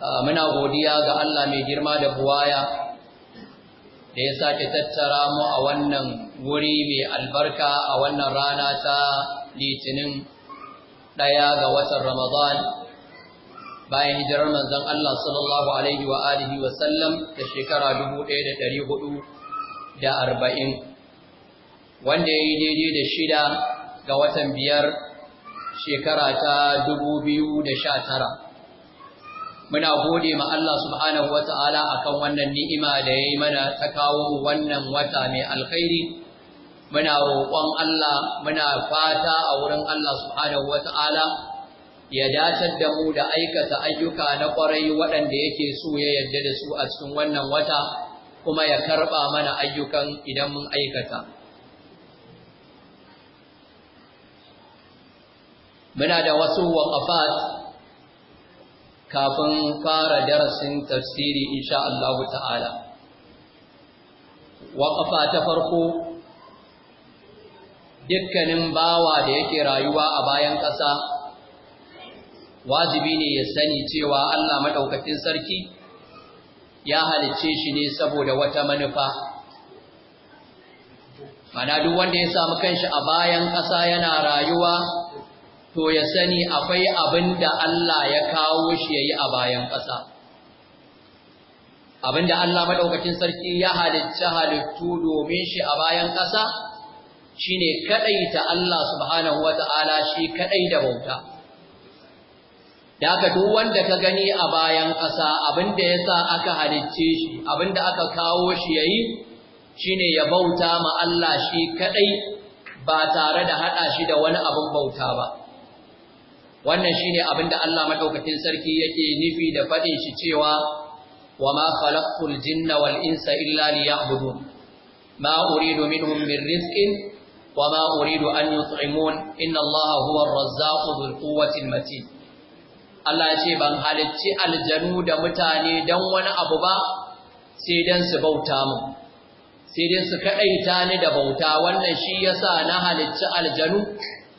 Ah, muna godiya ga Allah mai girma da buwaya da ya sake tattara mu a wannan wuri mai albarka a wannan rana ta litinin ɗaya ga watan Ramadan bayan hijirar manzon Allah sallallahu alaihi wa alihi wa sallam da shekara 1440 wanda ya yi daidai da shida ga watan biyar shekara ta tara. muna gode ma Allah subhanahu wata'ala akan wannan ni'ima da yayi mana ta kawo wannan wata mai alkhairi muna roƙon Allah muna fata a wurin Allah subhanahu wata'ala ya dacar da mu da aikata ayyuka na ƙwarai waɗanda yake so ya yarda da su a cikin wannan wata kuma ya karɓa mana ayyukan idan mun aikata muna da wasu waƙafat kafin fara darasin tafsiri insha Allah ta'ala waƙafa ta farko dukkanin bawa da yake rayuwa a bayan ƙasa wajibi ne ya sani cewa Allah maɗaukakin sarki ya halicce shi ne saboda wata manufa mana duk wanda ya samu kanshi a bayan ƙasa yana rayuwa to ya sani akwai abin da Allah ya kawo shi ya yi a bayan ƙasa. Abin da Allah maɗaukacin sarki ya halitta halittu domin shi a bayan ƙasa shine ne kaɗaita Allah subhanahu wa ta'ala shi kaɗai da bauta. Da duk wanda ka gani a bayan ƙasa abin da ya sa aka halicce shi, abin da aka kawo shi ya yi shi ne ya bauta ma Allah shi kaɗai ba tare da haɗa shi da wani abin bauta ba. wannan shine abin da Allah madaukakin sarki yake nufi da fadin shi cewa wama khalaqtul jinna wal insa illa liya'budun ma uridu minhum min rizqin wama uridu an yut'imun inna Allaha huwa ar-razzaqu dhul quwwati matin Allah ya ce ban halicci aljanu da mutane dan wani abu ba sai dan su bauta mu sai dan su kadaita ni da bauta wannan shi yasa na halicci aljanu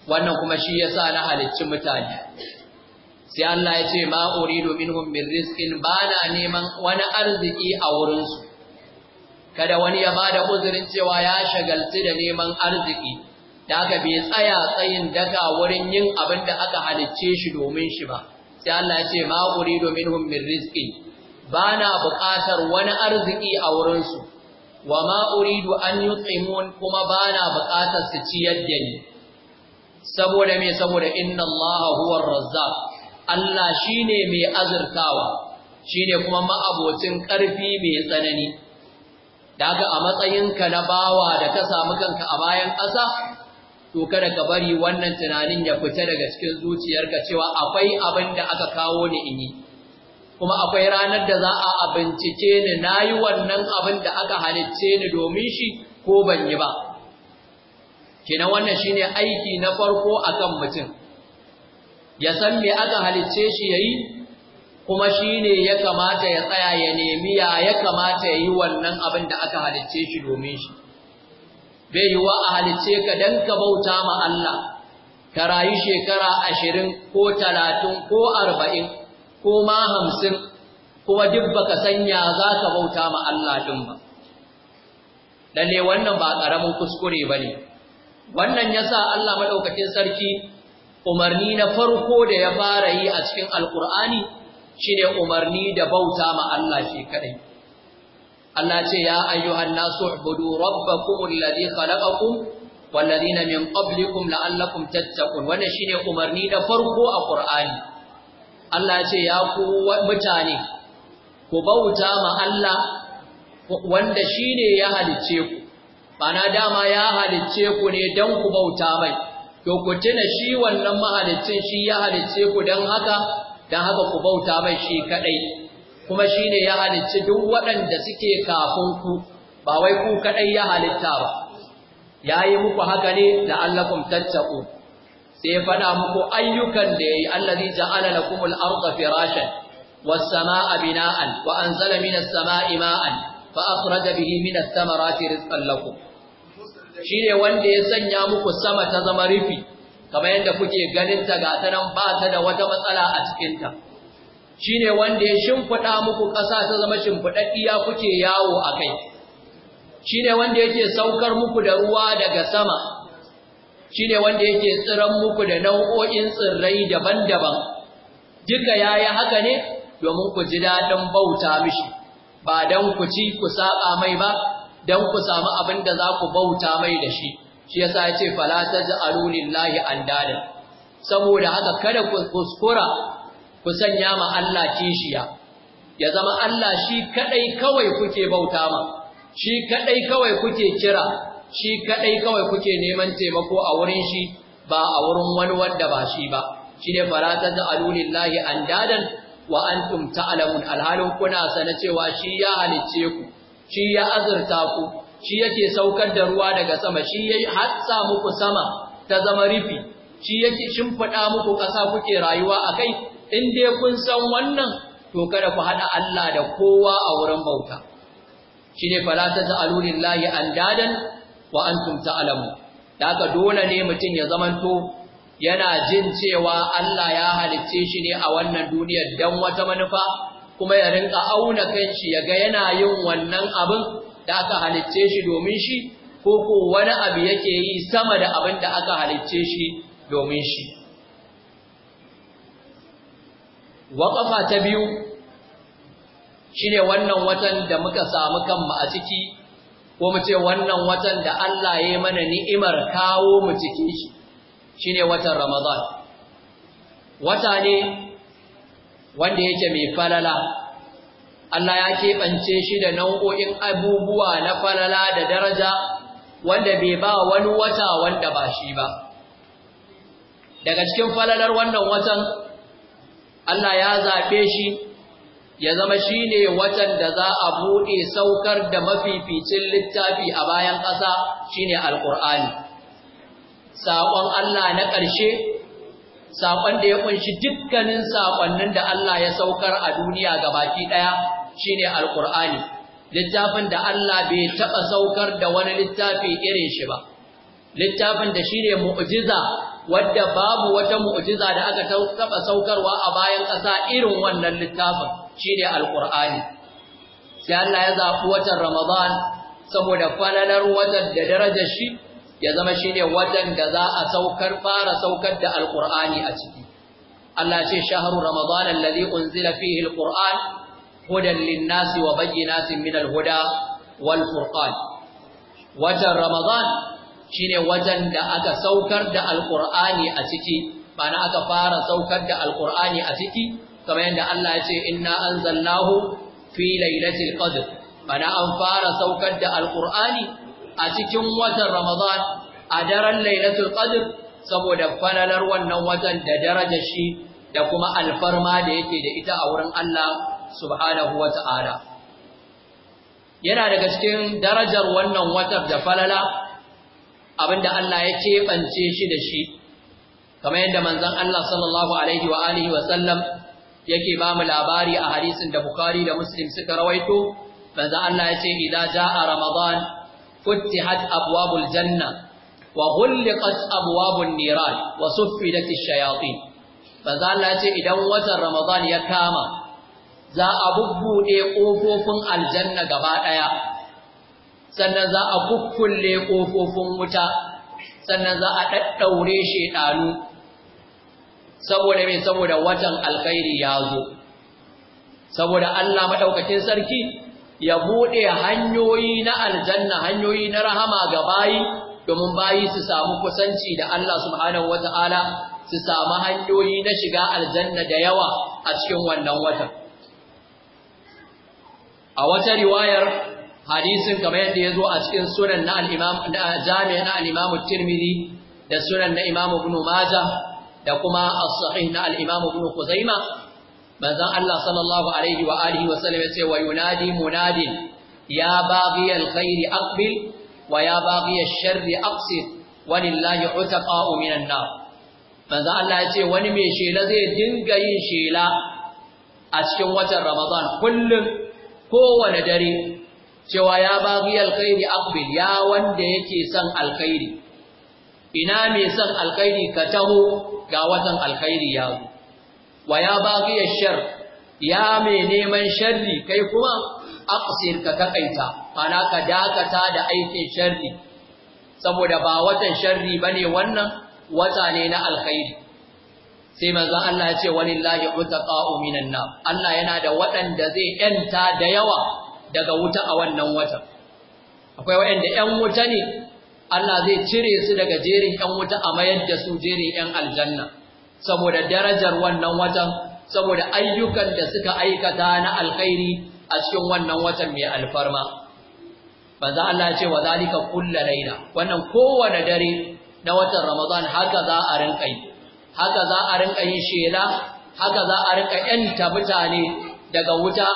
wannan kuma shi yasa na halicci mutane sai Allah ya ce ma domin minhum min ba na neman wani arziki a wurinsu. kada wani ya bada uzurin cewa ya shagalci da neman arziki da aka bai tsaya tsayin daka wurin yin abin da aka halicce shi domin shi ba sai Allah ya ce ma domin minhum min ba bana buƙatar wani arziki a wurinsu, wa ma uridu an yut'imun kuma bana buƙatar su ciyar da ni saboda me saboda inna allaha huwar razzaq Allah shine mai azurtawa shine kuma ma'abocin ƙarfi mai tsanani daga a matsayinka na bawa da ka samu kanka a bayan ƙasa to kada ka bari wannan tunanin ya fita daga cikin zuciyarka cewa akwai abin da aka kawo ni in yi kuma akwai ranar da za a bincike ni nayi wannan abin da aka halicce ni domin shi ko ban yi ba kina wannan shine aiki na farko akan mutum ya san me aka halicce shi yayi kuma shine ya kamata ya tsaya ya nemi ya ya kamata yayi wannan abin da aka halicce shi domin shi bai yiwa a halicce ka dan ka bauta ma Allah ka rayu shekara 20 ko 30 ko 40 ko ma 50 kuma duk baka sanya za ka bauta ma Allah din ba lalle wannan ba karamin kuskure bane wannan ya sa Allah madaukakin sarki umarni na farko da ya fara yi a cikin alkur'ani ne umarni da bauta ma Allah shi kadai Allah ce ya ayyuhan nasu ubudu rabbakum alladhi khalaqakum walladhina min qablikum la'allakum tattaqun wannan shi ne umarni na farko a ƙur'ani. Allah ce ya ku mutane ku bauta ma Allah wanda ne ya halice ku mana dama ya halicce ku ne don ku bauta mai to ku tuna shi wannan mahaliccin shi ya halicce ku don haka don haka ku bauta mai shi kaɗai kuma shi ne ya halicci duk waɗanda suke kafin ku ba wai ku kaɗai ya halitta ba ya yi muku haka ne da allakum tattaku sai faɗa muku ayyukan da ya yi allazi ja'ala lakumul arda firashan was samaa bina'an wa anzala minas ma'an fa akhraja bihi minas thamarati rizqan lakum Shi ne wanda ya sanya muku sama ta zama rufi kamar yadda kuke ganin ta ga ta nan ba ta da wata matsala a cikinta. Shi ne wanda ya shimfida muku ƙasa ta zama iya kuke yawo a kai Shi ne wanda yake saukar muku da ruwa daga sama Shi ne wanda yake tsiran muku da nau'o'in tsirrai daban-daban duka yi haka ne domin ku ji daɗin bauta mishi ba don ku ci ku saɓa mai ba don ku samu abin da za ku bauta mai da shi shi yasa ya ce fala taj'alu lillahi andadan saboda haka kada ku kuskura ku sanya ma Allah kishiya ya zama Allah shi kadai kawai kuke bauta ma shi kadai kawai kuke kira shi kadai kawai kuke neman taimako a wurin shi ba a wurin wani wanda ba shi ba shine fala taj'alu lillahi andadan wa antum ta'lamun alhalin kuna sanacewa cewa shi ya halicce ku shi ya azurta ku shi yake saukar da ruwa daga sama shi ya hatsa muku sama ta zama rifi shi yake shimfiɗa muku ƙasa kuke rayuwa a kai in dai kun san wannan to kada ku haɗa Allah da kowa a wurin bauta shi ne fala ta ta'alu andadan wa antum ta'lamu da haka dole ne mutum ya zamanto yana jin cewa Allah ya halicce shi ne a wannan duniyar dan wata manufa kuma ya rinka auna kanshi ya ga yana yin wannan abin da aka halicce shi domin shi ko ko wani abu yake yi sama da abin da aka halicce shi domin shi waƙafa ta biyu shine wannan watan da muka samu kanmu a ciki ko mu ce wannan watan da Allah ya yi mana ni'imar kawo mu cikin shi shine watan Ramadan wata ne wanda yake mai falala Allah ya keɓance shi da nau'o'in abubuwa na falala da daraja wanda bai ba wani wata wanda ba shi ba daga cikin falalar wannan watan Allah ya zaɓe shi ya zama shi ne watan da za a buɗe saukar da mafificin littafi a bayan ƙasa shi ne alƙur'ani saƙon Allah na ƙarshe saƙon da ya kunshi dukkanin saƙonnin da Allah ya saukar a duniya ga baki ɗaya shine alƙur'ani littafin da Allah bai taɓa saukar da wani littafi irin shi ba littafin da shi ne mu'jiza wadda babu wata mu'jiza da aka taɓa saukarwa a bayan ƙasa irin wannan littafin shine alƙur'ani sai Allah ya zaɓi watan Ramadan saboda falalar watan da darajar shi ya zama shine watan da za a saukar fara saukar da alqur'ani a ciki Allah ce shahru ramadan alladhi unzila fihi alqur'an hudan linnasi wa bayyinatin min alhuda huda wal furqan watan ramadan shine watan da aka saukar da alqur'ani a ciki bana aka fara saukar da alqur'ani a ciki kamar yadda Allah ya ce inna anzalnahu fi lailatul qadr bana an fara saukar da alqur'ani a cikin watan Ramadan a daren Lailatul Qadr saboda falalar wannan watan da daraja shi da kuma alfarma da yake da ita a wurin Allah subhanahu wata'ala yana daga cikin darajar wannan watan da falala abinda Allah ya keɓance shi da shi kamar yadda manzan Allah sallallahu alaihi wa alihi wa sallam yake ba mu labari a hadisin da Bukhari da Muslim suka rawaito manzon Allah ya ce ja a ramadan futtihat abwabul janna wa ghulqat abwabun niran wa suffidat ash-shayatin manzo Allah ce idan watan Ramadan ya kama za a bubbude kofofin aljanna gaba ɗaya, sannan za a kukkulle kofofin wuta sannan za a daddaure shedanu saboda me saboda watan alkhairi ya zo saboda Allah madaukakin sarki ya buɗe hanyoyi na aljanna hanyoyi na rahama ga bayi domin bayi su samu kusanci da Allah subhanahu wata'ala su samu hanyoyi na shiga aljanna da yawa a cikin wannan watan a wata riwayar hadisin kamar yadda ya zo a cikin sunan na al na jami'a tirmidhi da sunan na imam ibn majah da kuma as-sahih na al ibn khuzaimah manzon Allah sallallahu alaihi wa alihi wa sallam yace wa yunadi munadin ya baghi alkhairi aqbil wa ya baghi alsharri aqsid walillahi utaqa'u minan nar manzon Allah yace wani mai shela zai dinga yin shela a cikin watan Ramadan kullum kowane dare cewa ya baghi alkhairi aqbil ya wanda yake son alkhairi ina mai son alkhairi ka taho ga watan alkhairi ya zo wa ya ya shar ya mai neman sharri kai kuma aqsir ka takaita, kana ka dakata da aikin sharri saboda ba watan sharri bane wannan wata ne na alkhairi sai manzo Allah ya ce walillahi utaqa'u minan nar Allah yana da waɗanda zai yanta da yawa daga wuta a wannan watan akwai waɗanda 'yan wuta ne Allah zai cire su daga jerin 'yan wuta a mayar da su jerin 'yan aljanna saboda darajar wannan watan saboda ayyukan da suka aikata na alkhairi a cikin wannan watan mai alfarma manzo Allah ya ce wa zalika kullu laila wannan kowane dare na watan Ramadan haka za a rinka yi haka za a rinka yi shela haka za a rinka yanta mutane daga wuta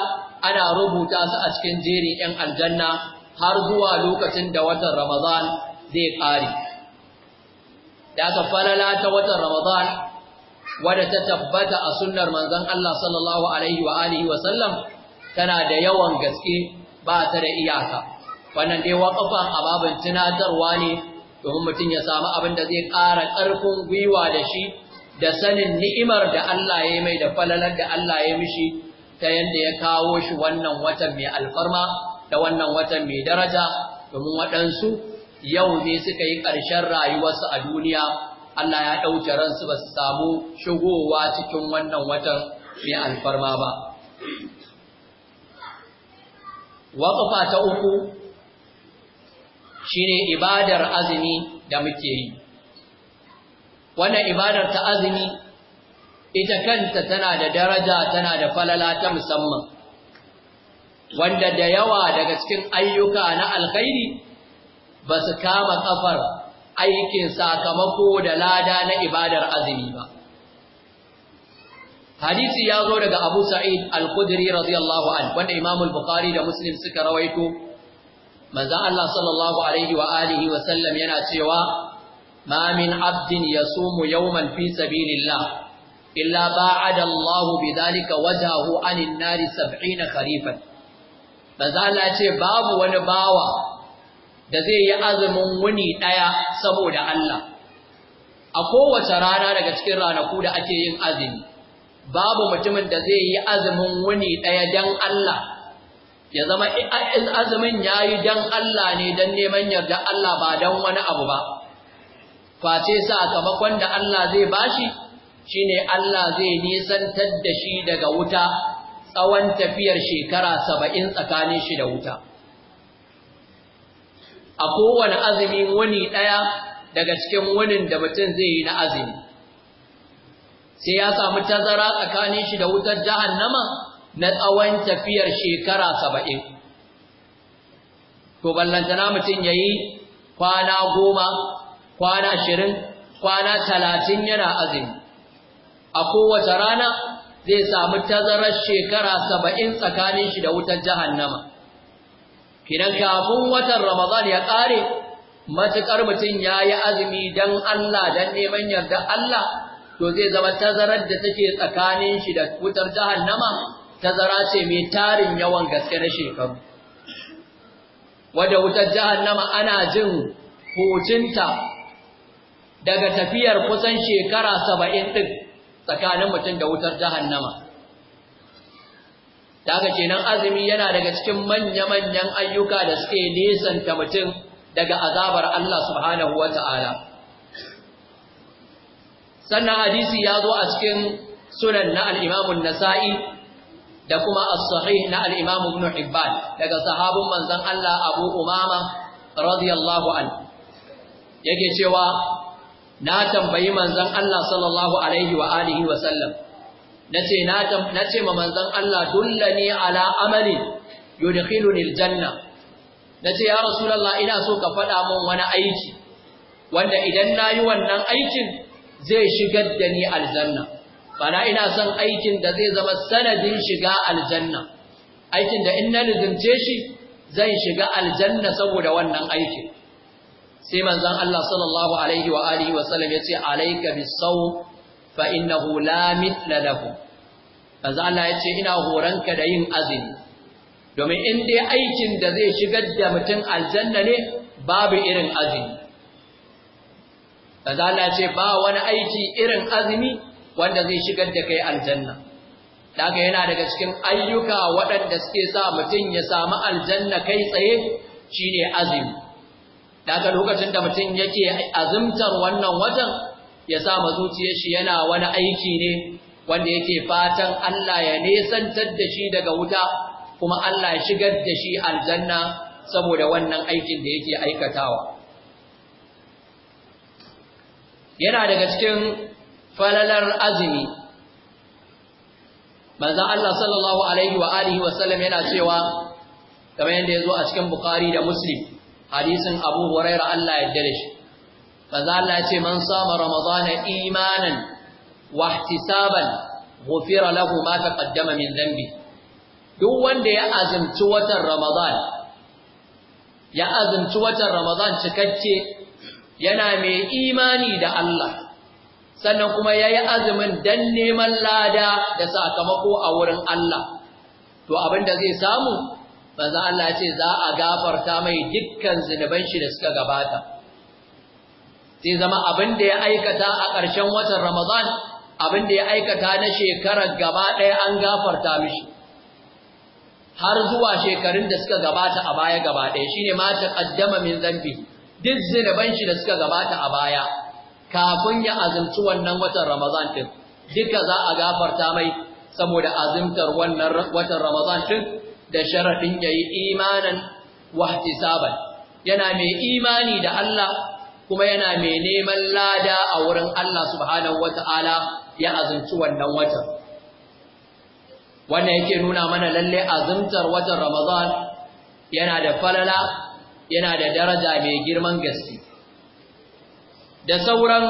ana rubuta su a cikin jeri yan aljanna har zuwa lokacin da watan Ramadan zai ƙare da ta falala ta watan Ramadan wadda ta tabbata a sunnar manzon Allah sallallahu alaihi wa alihi wa sallam tana da yawan gaske ba ta da iyaka wannan dai waƙafan babin tunatarwa ne domin mutum ya samu abin da zai ƙara ƙarfin gwiwa da shi da sanin ni'imar da Allah ya mai da falalar da Allah ya mishi ta yadda ya kawo shi wannan watan mai alfarma da wannan watan mai daraja domin waɗansu yau ne suka yi ƙarshen rayuwarsu a duniya Allah ya ɗauke ransu ba su samu shigowa cikin wannan watan mai alfarma ba. Waƙafa ta uku shi ne ibadar azumi da muke yi. Wannan ibadar ta azumi ita kanta tana da daraja tana da falala ta musamman. wanda da yawa daga cikin ayyuka na alkhairi ba su kama ƙafar. aikin sakamako da lada na ibadar azumi ba hadisi ya zo daga Abu Sa'id Al-Khudri radiyallahu anhu wanda Imam Al-Bukhari da Muslim suka rawaito manzon Allah sallallahu alaihi wa alihi wa sallam yana cewa ma min abdin yasumu yawman fi sabilillah إلا bi dalika بذلك anin عن sab'ina سبعين خريفا فذا ce babu wani bawa. da zai yi azumin wuni ɗaya saboda Allah a kowace rana daga cikin ranaku da ake yin azumi babu mutumin da zai yi azumin wuni ɗaya dan Allah ya zama azumin ya yi dan Allah ne don neman yarda Allah ba dan wani abu ba face sakamakon da Allah zai bashi Shi ne Allah zai nisantar da shi daga wuta tsawon tafiyar shekara saba'in tsakanin shi da wuta. a kowane azumi wani ɗaya daga cikin wani da mutum zai yi na azumi sai ya samu tazara tsakanin shi da wutar jahannama na tsawon tafiyar shekara saba'in to ballantana mutum ya yi kwana goma kwana ashirin kwana talatin yana azumi a kowace rana zai samu tazarar shekara saba'in tsakanin shi da wutar jahannama kidan kafin watan Ramadan ya kare matukar mutum yi azumi dan Allah dan neman yarda Allah to zai zama tazarar da take tsakanin shi da wutar jahannama tazara ce mai tarin yawan gaske na shekaru wadda wutar jahannama ana jin hucinta daga tafiyar kusan shekara saba'in ɗin tsakanin mutum da wutar jahannama daga kenan azumi yana daga cikin manya-manyan ayyuka da suke nesanta mutum daga azabar Allah subhanahu wa ta'ala. Sannan hadisi ya zo a cikin sunan na al'imamun Nasa'i da kuma as na al'imamun Ibn Hibban daga sahabun manzan Allah Abu Umama radiyallahu an. Yake cewa, Na tambayi manzan Allah sallallahu Alaihi wa alihi wa sallam. nace na ce ma manzon Allah ne ala amali yudkhiluni aljanna nace ya rasulullah ina so ka faɗa min wani aiki wanda idan nayi wannan aikin zai shigar da ni aljanna bana ina son aikin da zai zama sanadin shiga aljanna aikin da in na lizimce shi zan shiga aljanna saboda wannan aikin sai manzon Allah sallallahu alaihi wa alihi wa sallam yace alayka bis fa innahu la mithla lahu manzo Allah yace ina horonka da yin azumi domin in dai aikin da zai shigar da mutum aljanna ne babu irin azumi manzo Allah yace ba wani aiki irin azumi wanda zai shigar da kai aljanna daga yana daga cikin ayyuka waɗanda suke sa mutum ya samu aljanna kai tsaye shine azumi daga lokacin da mutum yake azumtar wannan watan ya sa mazuciyar shi yana wani aiki ne wanda yake fatan Allah ya nesantar da shi daga wuta kuma Allah ya shigar da shi aljanna saboda wannan aikin da yake aikatawa yana daga cikin falalar azumi manzo Allah sallallahu alaihi wa alihi wa sallam yana cewa kamar yadda yazo a cikin Bukhari da Muslim hadisin Abu Hurairah Allah ya yarda da shi manzo ce man sama ramadana imanin wa ihtisaban ghufira lahu ma taqaddama min zambi. duk wanda ya azimci watan ramadan ya azumci watan ramazan cikakke yana mai imani da Allah sannan kuma yayi azumin dan neman lada da sakamako a wurin Allah to abinda zai samu manzo Allah ce za a gafarta mai dukkan zinuban shi da suka gabata sai zama abin da ya aikata a ƙarshen watan Ramadan abin da ya aikata na shekarar gaba ɗaya an gafarta mishi har zuwa shekarun da suka gabata a baya gaba ɗaya shine ma taqaddama min zambi duk zinuban shi da suka gabata a baya kafin ya azumci wannan watan Ramadan din duka za a gafarta mai saboda azumtar wannan watan Ramadan din da sharadin yayi imanan wahtisaban yana mai imani da Allah kuma yana mai neman lada a wurin Allah subhanahu wata'ala ya azumci wannan watan wannan yake nuna mana lalle azumtar watan Ramadan yana da falala yana da daraja mai girman gaske da sauran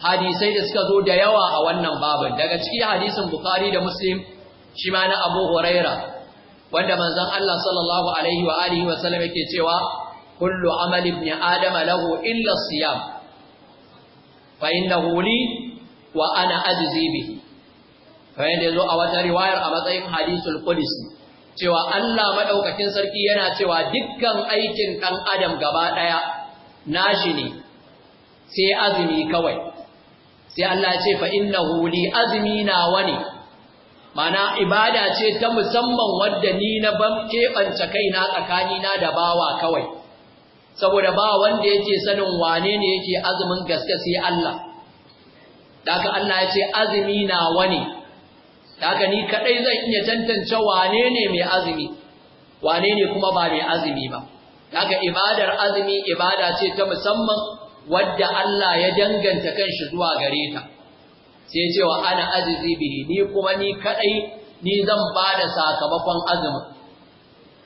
hadisai da suka zo da yawa a wannan babin daga cikin hadisin Bukhari da Muslim shi ma na Abu Huraira wanda manzon Allah sallallahu alaihi wa alihi wa sallam yake cewa kullu amali ibn adama lahu illa siyam fa innahu li ana ajzi bihi fa yanda yazo a wata riwayar a matsayin hadisul qudsi cewa Allah madaukakin sarki yana cewa dukkan aikin dan adam gaba daya nashi ne sai azumi kawai sai Allah ya ce fa innahu li azmi nawa ne mana ibada ce ta musamman wadda ni na ban keɓance kaina tsakanina da bawa kawai saboda ba wanda yake sanin wane ne yake azumin gaske sai Allah daga Allah ya ce azumi na wani daga ni kadai zan iya tantance wane ne mai azumi wane ne kuma ba mai azumi ba daga ibadar azumi ibada ce ta musamman wadda Allah ya danganta kanshi zuwa gare ta sai cewa ana azizi bihi ni kuma ni kadai ni zan bada sakamakon azumin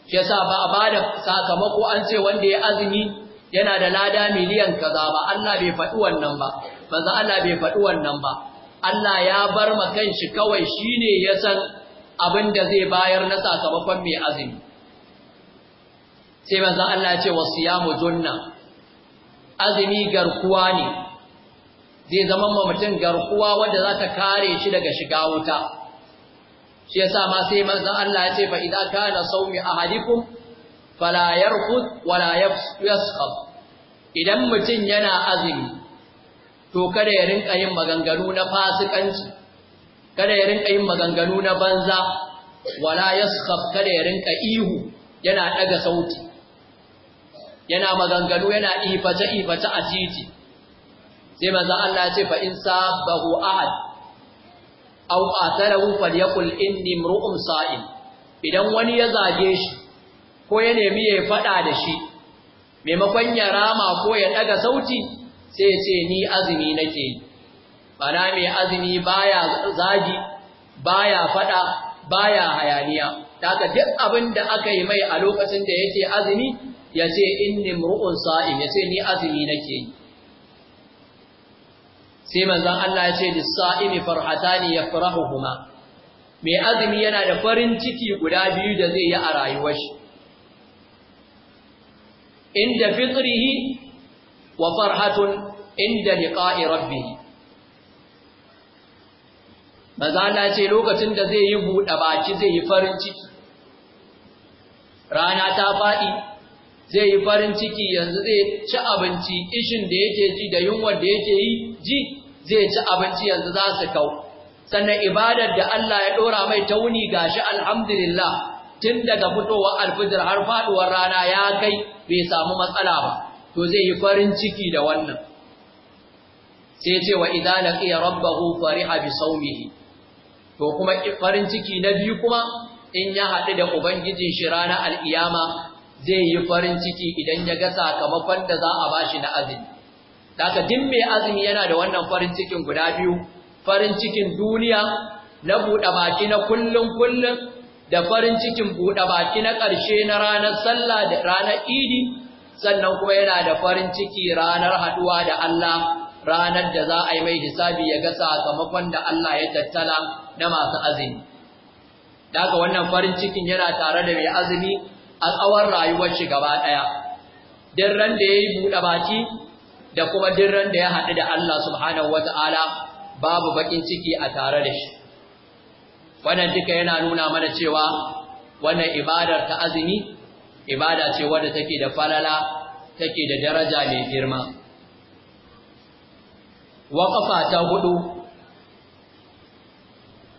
yasa ba a bada sakamako an ce wanda ya azumi yana da lada miliyan kaza ba Allah bai faɗi wannan ba banza Allah bai faɗi wannan ba Allah ya bar ma kanshi kawai shine ya san abin da zai bayar na sakamakon mai azumi sai manzo Allah ya ce wasiyamu junna azumi garkuwa ne zai zama ma mutum garkuwa wanda za ta kare shi daga shiga wuta shi yasa ma sai manzon Allah ya ce fa idza kana sawmi ahadikum fala yarqud wala yaskhab idan mutum yana azumi to kada ya rinka yin maganganu na fasikanci kada ya rinka yin maganganu na banza wala yaskhab kada ya rinka ihu yana daga sauti yana maganganu yana ifata ifata a titi sai manzon Allah ya ce fa in sabahu ahad aw qatalahu yakul inni mru'um sa'im idan wani ya zage shi ko ya nemi ya fada da shi maimakon ya rama ko ya daga sauti sai ya ce ni azumi nake yi bana mai azumi baya zagi baya fada baya hayaniya daga duk abin da aka yi mai a lokacin da yake azumi ya ce inni mru'un sa'im ya ce ni azumi nake yi sai manzon Allah ya ce lis-sa'imi farhatani yafrahuhuma mai azumi yana da farin ciki guda biyu da zai yi a rayuwar shi inda fitrihi wa farhatun inda liqa'i rabbih manzon Allah ya ce lokacin da zai yi buɗe baki zai yi farin ciki rana ta faɗi zai yi farin ciki yanzu zai ci abinci ishin da yake ji da yunwar da yake yi ji zai ci abinci yanzu za su kau sannan ibadar da Allah ya ɗora mai ta wuni ga shi alhamdulillah tun daga fitowar alfijir har faɗuwar rana ya kai bai samu matsala ba to zai yi farin ciki da wannan sai ce wa idza laqiya rabbahu fariha bi to kuma farin ciki na biyu kuma in ya haɗu da ubangijin shi ranar al'iyama zai yi farin ciki idan ya ga sakamakon da za a ba shi na azumi Daga din mai azumi yana da wannan farin cikin guda biyu, farin cikin duniya na buɗe baki na kullum kullum da farin cikin buɗe baki na ƙarshe na ranar sallah da ranar idi, sannan kuma yana da farin ciki ranar haɗuwa da Allah, ranar da za a yi mai hisabi ya ga sakamakon da Allah ya tattala na masu azumi. Daga wannan farin cikin yana tare da mai azumi a tsawon rayuwar shi gaba ɗaya. Din ran da ya yi buɗe baki, da kuma dirran da ya haɗu da Allah subhanahu wata'ala babu bakin ciki a tare da shi wannan duka yana nuna mana cewa wannan ibadar ta azumi ibada ce wadda take da falala take da daraja mai girma waqafa ta hudu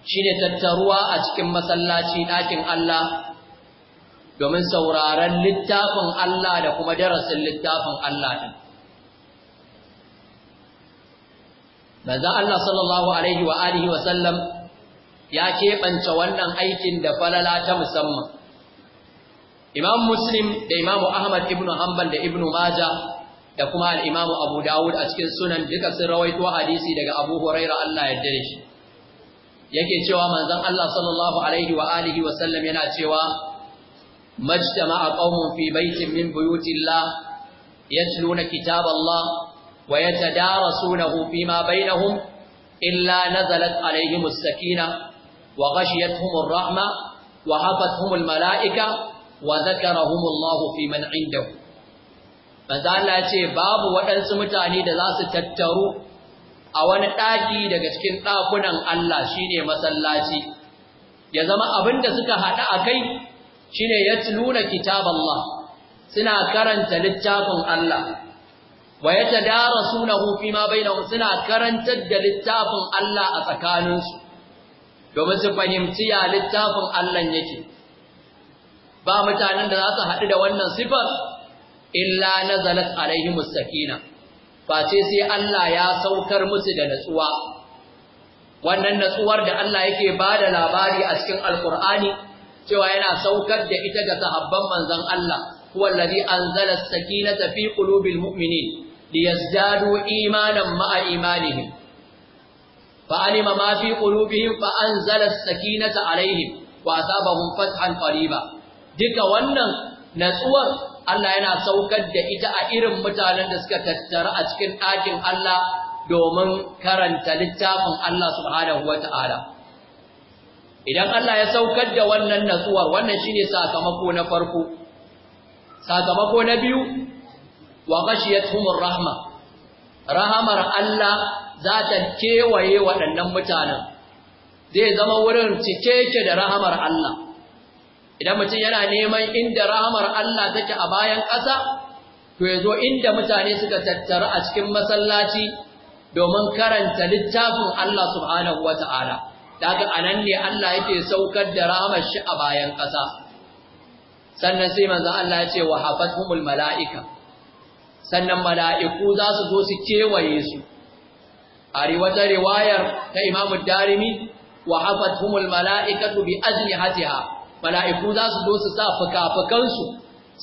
shine tattaruwa a cikin masallaci ɗakin Allah domin sauraron littafin Allah da kuma darasin littafin Allah din manzon Allah sallallahu alaihi wa alihi wa ya keɓance wannan aikin da falala ta musamman Imam Muslim da Imam Ahmad ibn Hanbal da Ibn maja da kuma alimamu Abu Dawud a cikin sunan duka sun rawaito hadisi daga Abu Huraira Allah ya yarda shi yake cewa manzon Allah sallallahu alaihi wa alihi wa yana cewa majtama'a qaumun fi baitin min buyutillah yatluna kitaballah wa yatadarasunahu fima bainahum illa nazalat alaihimus sakina wa ghashiyatuhumur rahma wa hafathumul malaika wa zakarahumullahu fi man indahu manzo Allah ce babu waɗansu mutane da za su tattaru a wani ɗaki daga cikin ɗakunan Allah shine masallaci ya zama abin da suka haɗa akai shine yatluna kitaballah suna karanta littafin Allah wa ma bai bainahum suna karantar da littafin Allah a tsakaninsu domin su fahimci ya littafin Allah yake ba mutanen da za su haɗu da wannan sifar illa nazalat alaihimus Ba face sai Allah ya saukar musu da natsuwa wannan natsuwar da Allah yake ba da labari a cikin alkur'ani cewa yana saukar da ita ga sahabban manzon Allah huwa allazi anzala as-sakinata fi qulubil liyazdadu imanan ma'a imanihim فعلم ما في قلوبهم فأنزل السكينة عليهم وأصابهم فتحا ba. duka wannan natsuwar Allah yana saukar da ita a irin mutanen da suka tattara a cikin ɗakin Allah domin karanta littafin Allah subhanahu idan Allah ya saukar da wannan natsuwar wannan shine sakamako na farko sakamako na biyu wa ghashiyatuhumur rahma rahamar Allah za ta kewaye waɗannan mutanen zai zama wurin cike da rahamar Allah idan mutum yana neman inda rahamar Allah take a bayan ƙasa to yazo inda mutane suka tattara a cikin masallaci domin karanta littafin Allah subhanahu wata'ala daga anan ne Allah yake saukar da rahamar shi a bayan ƙasa sannan sai manzo Allah ya ce wa hafathumul mala'ika sannan mala'iku za su zo su kewaye su a riwata riwayar ta imamu darimi wa mala'ika mala'ikatu bi ajnihatiha mala'iku za su zo su sa fuka-fukansu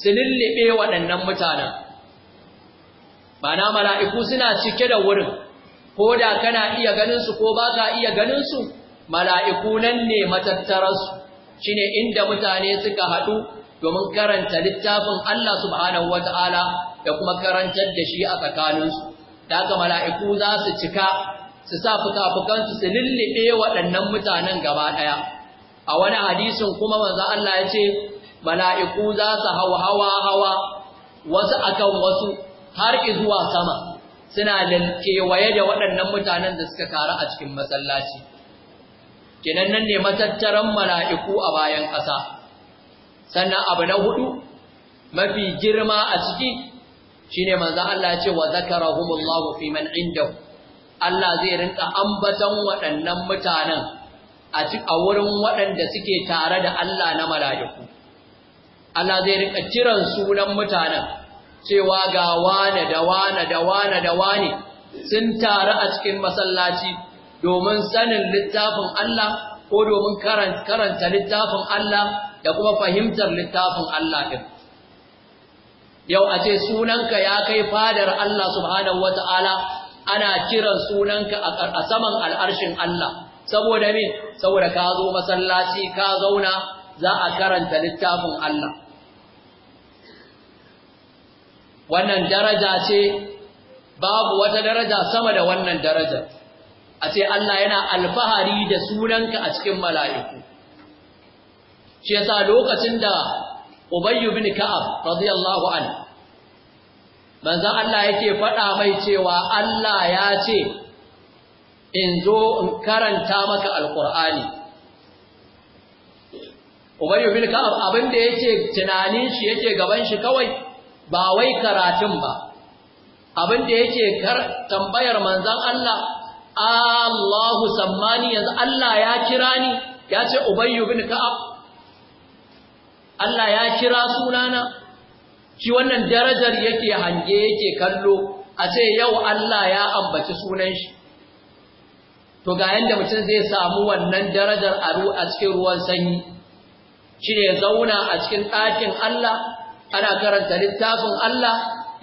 su lullube waɗannan mutanen mana mala'iku suna cike da wurin ko da kana iya ganinsu ko ba ka iya ganinsu? mala'iku nan ne matattararsu shi ne inda mutane suka haɗu domin karanta littafin Allah subhanahu wata'ala da kuma karantar da shi a tsakaninsu da aka mala'iku za su cika su sa fuka-fukansu su lullube waɗannan mutanen gaba ɗaya a wani hadisin kuma manzo Allah ya ce mala'iku za su hau hawa hawa wasu akan wasu har zuwa sama suna kewaye da waɗannan mutanen da suka karu a cikin masallaci kenan nan ne matattaran mala'iku a bayan ƙasa sannan abu na hudu mafi girma a ciki shine manzo Allah ya ce wa zakarahumullahu fi man indahu Allah zai rinka ambaton waɗannan mutanen a cikin wurin waɗanda suke tare da Allah na mala'iku Allah zai rinka kiran sunan mutanen cewa ga wane da wane da wane da wane sun taru a cikin masallaci domin sanin littafin Allah ko domin karanta littafin Allah da kuma fahimtar littafin Allah ɗin. yau a ce sunanka ya kai fadar Allah subhanahu wata'ala ana kiran sunanka a saman al'arshin Allah saboda me saboda ka zo masallaci ka zauna za a karanta littafin Allah wannan daraja ce babu wata daraja sama da wannan daraja a ce Allah yana alfahari da sunanka a cikin mala'iku shi yasa lokacin da Ubayyu bin Ka'ab radiyallahu an manzon Allah yake faɗa mai cewa Allah ya ce in zo in karanta maka alqur'ani Ubayyu bin Ka'ab abin da yake tunanin shi yake gaban shi kawai ba wai karatun ba abin da yake tambayar manzo Allah Allahu sammani yanzu Allah ya kira ni ya ce Ubayyu bin Ka'ab Allah ya kira sunana shi wannan darajar yake hange yake kallo a ce yau Allah ya ambaci sunan shi to ga yanda mutum zai samu wannan darajar a cikin ruwan sanyi shi ne zauna a cikin ɗakin Allah ana karanta littafin Allah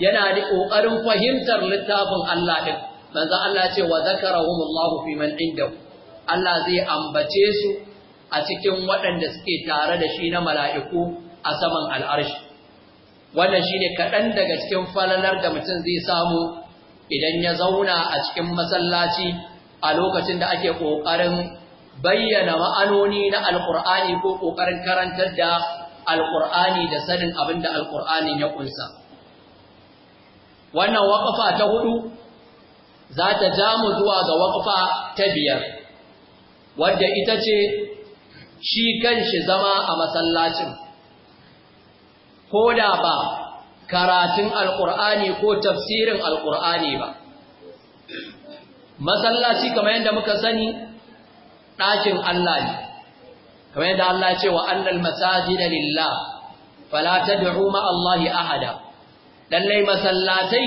yana da ƙoƙarin fahimtar littafin Allah ɗin manzo Allah ya ce wa zakarahumullahu fi man indahu Allah zai ambace su a cikin waɗanda suke tare da shi na mala'iku a saman al'arshi. Wannan shi ne kaɗan daga cikin falalar da mutum zai samu idan ya zauna a cikin masallaci a lokacin da ake ƙoƙarin bayyana ma'anoni na Alƙur'ani ko ƙoƙarin karantar da Alƙur'ani da sanin abin da Alƙur'ani ya ƙunsa. Wannan waƙafa ta hudu za ta ja zuwa ga waƙafa ta biyar, wadda ita ce shi kan shi zama a masallacin ko da ba karatun alkur'ani ko tafsirin alkur'ani ba masallaci kamar yadda muka sani ɗakin Allah ne kamar yadda Allah ce wa annal masajida lillah fala tad'u ma Allahi ahada ɗallai masallatai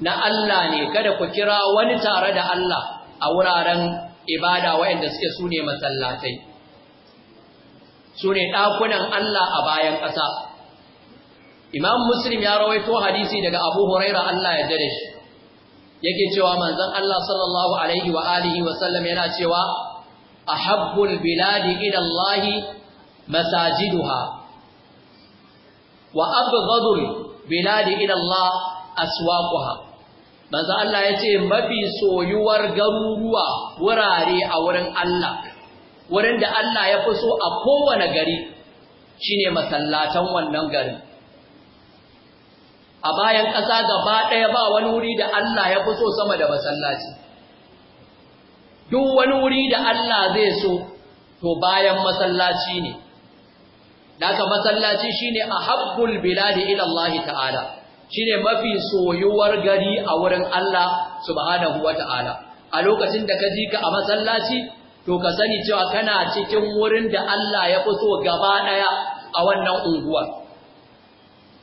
na Allah ne kada ku kira wani tare da Allah a wuraren ibada waɗanda suke sune masallatai su ne ɗakunan Allah a bayan ƙasa imam muslim ya rawaito hadisi daga abu huraira Allah ya dare shi yake cewa manzan Allah sallallahu alaihi wa alihi wa sallam yana cewa A habbul biladi ila masajiduha wa abghadul biladi ila aswakuha aswaquha Manzan Allah ce mafi soyuwar garuruwa wurare a wurin Allah wurin da Allah ya fi so a kowane gari shine masallatan wannan gari. a bayan ƙasa gaba ɗaya ba wani wuri da Allah ya fi so sama da masallaci duk wani wuri da Allah zai so to bayan masallaci ne daga masallaci shine a biladi ilallahi Allah ta'ala ne mafi soyuwar gari a wurin Allah subhanahu wata'ala a lokacin da ka ji ka a masallaci to ka sani cewa kana cikin wurin da Allah ya fito gaba daya a wannan unguwa?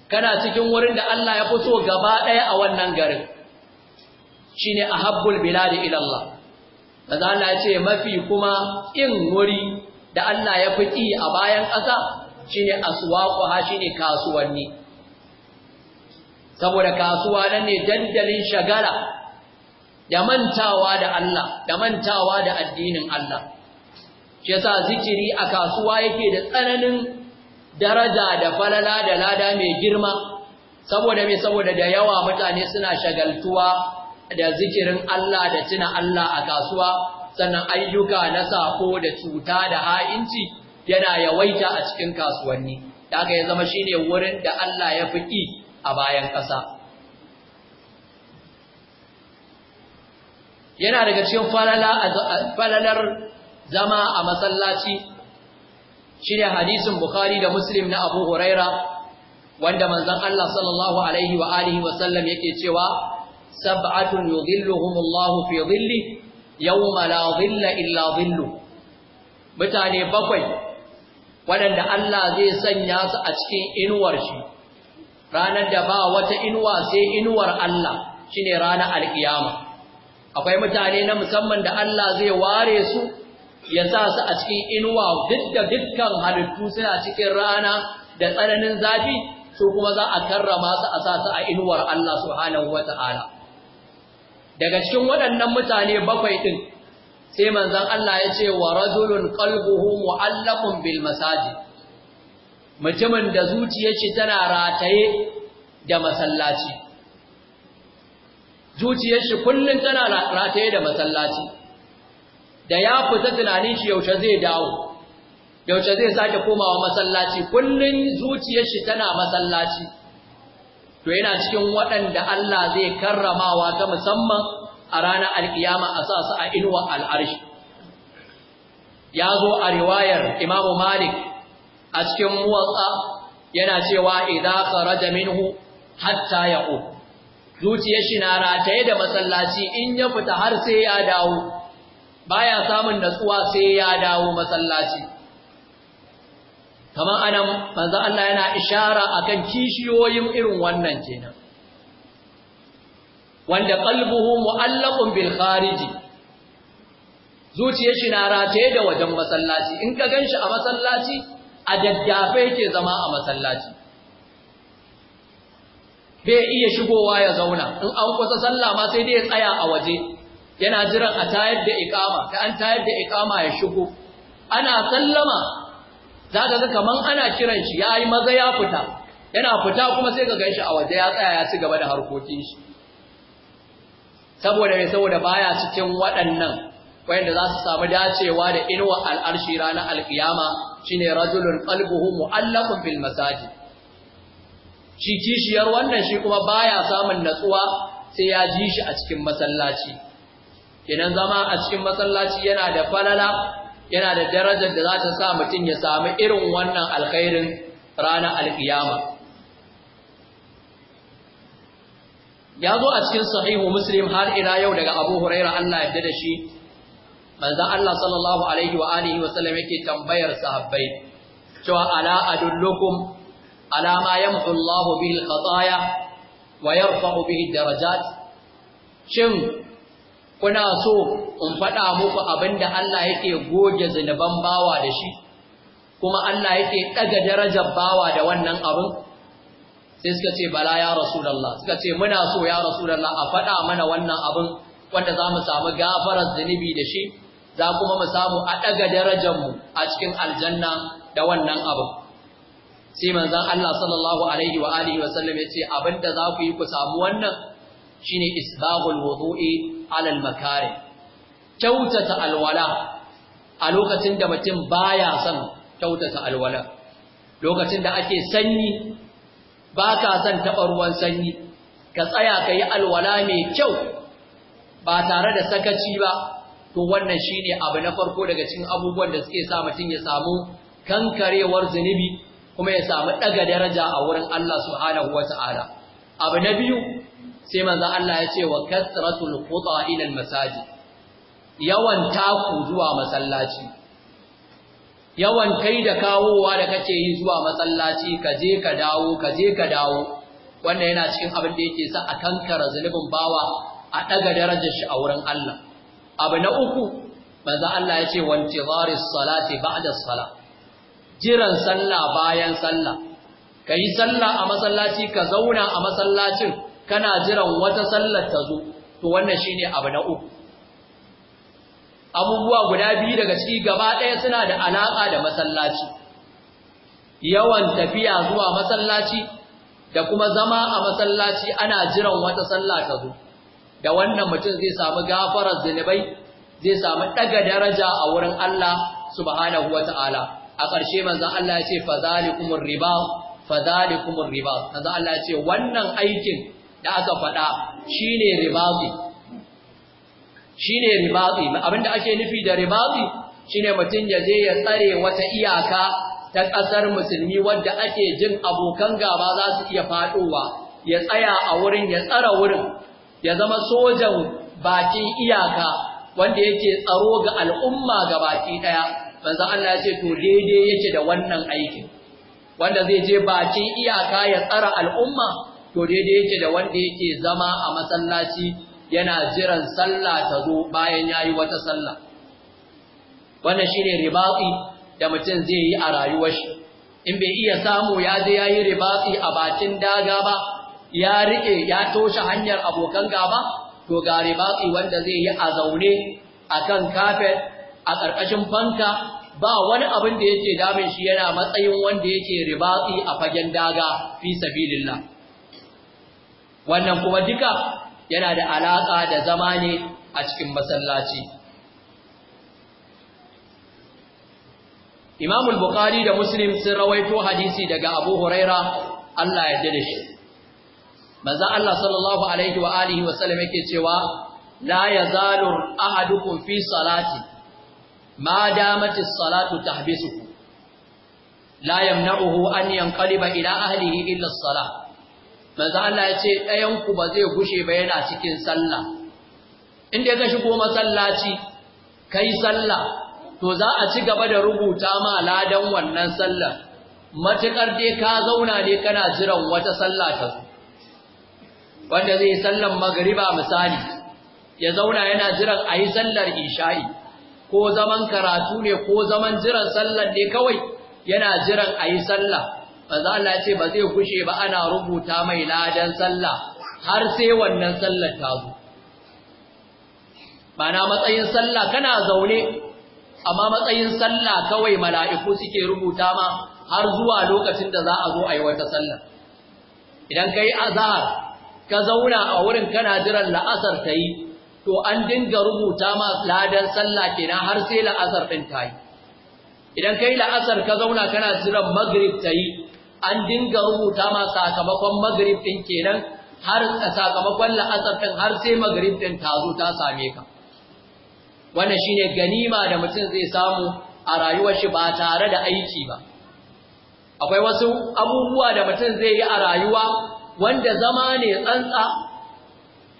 kana cikin wurin da Allah ya fito gaba ɗaya a wannan garin shi ne a habbul Allah ilallah Allah ya na ce mafi kuma in wuri da Allah ya fi ƙi a bayan ƙasa shi ne ha shi kasuwanni saboda kasuwa nan ne dandalin shagara. da mantawa da Allah da mantawa da addinin Allah shi yasa zikiri a kasuwa yake da tsananin daraja da falala da lada mai girma saboda mai saboda da yawa mutane suna shagaltuwa da zikirin Allah da tuna Allah a kasuwa sannan ayyuka na sako da cuta da ha'inci yana yawaita a cikin kasuwanni da aka ya zama shine wurin da Allah ya fi a bayan ƙasa yana daga cikin falalar zama a masallaci ne hadisin bukhari da muslim na abu huraira wanda manzon Allah sallallahu alaihi wa alihi wa sallam yake cewa sab'atun yudhilluhumullahu fi dhilli yawma la dhilla illa dhillu mutane bakwai waɗanda Allah zai sanya su a cikin inuwar shi ranar da ba wata inuwa sai inuwar Allah shine ranar alkiyama akwai mutane na musamman da Allah zai ware su ya sa su a cikin inuwa duk da dukkan halittu suna cikin rana da tsananin zafi su kuma za a karrama su a sa su a inuwar Allah subhanahu wata'ala daga cikin waɗannan mutane bakwai din sai manzon Allah ya ce wa rajulun qalbuhu mu'allaqun bil masajid mutumin da zuciyarsa tana rataye da masallaci zuciyar shi kullun tana rataye da masallaci da ya fita tunanin shi yaushe zai dawo yaushe zai sake komawa masallaci kullun zuciyar tana masallaci to yana cikin waɗanda Allah zai karramawa ta musamman a ranar alkiyama a sa su a inuwa al'arshi ya zo a riwayar imamu malik a cikin muwatsa yana cewa idan kharaja minhu hatta yaqut zuciyar shi na rataye da masallaci in ya fita har sai ya dawo baya samun natsuwa sai ya dawo masallaci kamar anan manzo Allah yana ishara akan kishiyoyin irin wannan kenan wanda qalbuhu mu'allaqun bil khariji zuciyar shi na rataye da wajen masallaci in ka ganshi a masallaci a daddafe yake zama a masallaci bai iya shigowa ya zauna in an kusa sallah ma sai dai ya tsaya a waje yana jiran a tayar da ikama da an tayar da iqama ya shigo ana sallama zaka ga kaman ana kiran shi yayi maza ya fita yana fita kuma sai ka ganshi a waje ya tsaya ya ci gaba da harkokin shi saboda me saboda baya cikin waɗannan wanda za su samu dacewa da inuwa al'arshi ranar alkiyama shine rajulun qalbuhu mu'allaqun bil masajid shi kishiyar wannan shi kuma baya samun natsuwa sai ya ji shi a cikin masallaci idan zama a cikin masallaci yana da falala yana da darajar da za ta sa mutum ya samu irin wannan alkhairin ranar alkiyama ya zo a cikin sahihu muslim har ila yau daga abu huraira Allah ya da shi manzan Allah sallallahu alaihi wa alihi wa yake tambayar sahabbai cewa ala adullukum alama ما يمحو الله به الخطايا ويرفع به الدرجات darajat shin kuna so in faɗa muku abinda Allah yake goge zinuban bawa da shi kuma Allah yake daga darajar bawa da wannan abin sai suka ce bala ya rasulullah suka ce muna so ya rasulullah a faɗa mana wannan abin wanda za mu samu gafarar zunubi da shi za kuma mu samu a ɗaga mu a cikin aljanna da wannan abin sai manzon Allah sallallahu alaihi wa alihi wa sallam yace abinda za ku yi ku samu wannan shine isbaghul wudu'i ala al makari kyautata alwala a lokacin da mutum baya son kyautata alwala lokacin da ake sanyi ba ka son taɓa ruwan sanyi ka tsaya ka yi alwala mai kyau ba tare da sakaci ba to wannan shine abu na farko daga cikin abubuwan da suke sa mutum ya samu kankarewar zunubi kuma ya samu daga daraja a wurin Allah subhanahu wata'ala abu na biyu sai manzo Allah ya ce wa kasratul quta ila masajid yawan taku zuwa masallaci yawan kai da kawowa da kake yi zuwa masallaci ka je ka dawo ka je ka dawo wannan yana cikin abin da yake sa a kankara zunubin bawa a daga darajar shi a wurin Allah abu na uku manzo Allah ya ce wantizaris salati ba'da salat jiran sallah bayan sallah ka yi sallah a masallaci ka zauna a masallacin kana jiran wata sallar ta zo to wannan shine abu na uku abubuwa guda biyu daga ciki gaba ɗaya suna da alaƙa da masallaci yawan tafiya zuwa masallaci da kuma zama a masallaci ana jiran wata sallah ta zo da wannan mutum zai samu gafarar zunubai zai samu ɗaga daraja a wurin Allah subhanahu wata'ala a ƙarshe manzon Allah ya ce fadhalikumur riba fadhalikumur riba manzon Allah ya ce wannan aikin da aka faɗa shine ribati shine abinda ake nufi da ribati shine mutum ya je ya tsare wata iyaka ta ƙasar musulmi wadda ake jin abokan gaba za su iya faɗowa ya tsaya a wurin ya tsara wurin ya zama sojan bakin iyaka wanda yake tsaro ga al'umma ga baki ɗaya manzo Allah ya ce to daidai yake da wannan aikin wanda zai je bakin iyaka ya tsara al'umma to daidai yake da wanda yake zama a masallaci yana jiran sallah ta zo bayan yayi wata sallah wannan shine ribaqi da mutum zai yi a rayuwar shi in bai iya samu ya je yayi ribaqi a bakin daga ba ya rike ya toshe hanyar abokan gaba to ga ribaqi wanda zai yi a zaune akan kafet a ƙarƙashin banka ba wani abin da yake damin shi yana matsayin wanda yake ribatsi a fagen daga fi sabilillah wannan kuma duka yana da alaƙa da zama ne a cikin masallaci Imam al-Bukhari da Muslim sun rawaito hadisi daga Abu Huraira Allah ya dade shi Manzo Allah sallallahu alaihi wa alihi wa sallam yake cewa la yazalu ahadukum fi salati ma damatis salatu tahbisuhu la yamna'uhu an yanqaliba ila ahlihi illa as-salah manzo Allah ya ce ɗayanku ba zai bushe ba yana cikin sallah inda ka shigo masallaci kai sallah to za a ci gaba da rubuta ma ladan wannan sallar matukar dai ka zauna ne kana jiran wata sallah ta zo wanda zai sallan magriba misali ya zauna yana jiran ayi sallar isha'i ko zaman karatu ne ko zaman jiran sallar ne kawai yana jiran a yi sallah za Allah ce ba zai kushe ba ana rubuta mai ladan sallah har sai wannan sallar ta zo bana matsayin sallah kana zaune amma matsayin sallah kawai mala'iku suke rubuta ma har zuwa lokacin da za a zo a yi wata sallah idan kai azhar ka zauna a wurin kana jiran la'asar ta yi to an dinga rubuta ma ladan sallah kenan har sai la'asar ɗin ta yi idan kai la'asar ka zauna kana jiran magrib ta yi an dinga rubuta ma sakamakon magrib ɗin kenan har sakamakon la'asar ɗin har sai magrib ɗin ta zo ta same ka wannan shine ganima da mutum zai samu a rayuwar shi ba tare da aiki ba akwai wasu abubuwa da mutum zai yi a rayuwa wanda zama ne tsantsa